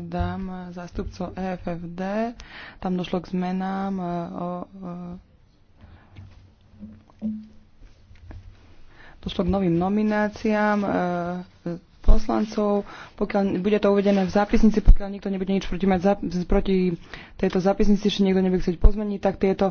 Dám e, zástupcov EFFD. Tam došlo k zmenám e, o, o e, došlo k novým nomináciám e, poslancov. Pokiaľ bude to uvedené v zápisnici, pokiaľ nikto nebude nič proti, mať, proti tejto zápisnici, či nikto nebude chcieť pozmeniť, tak tieto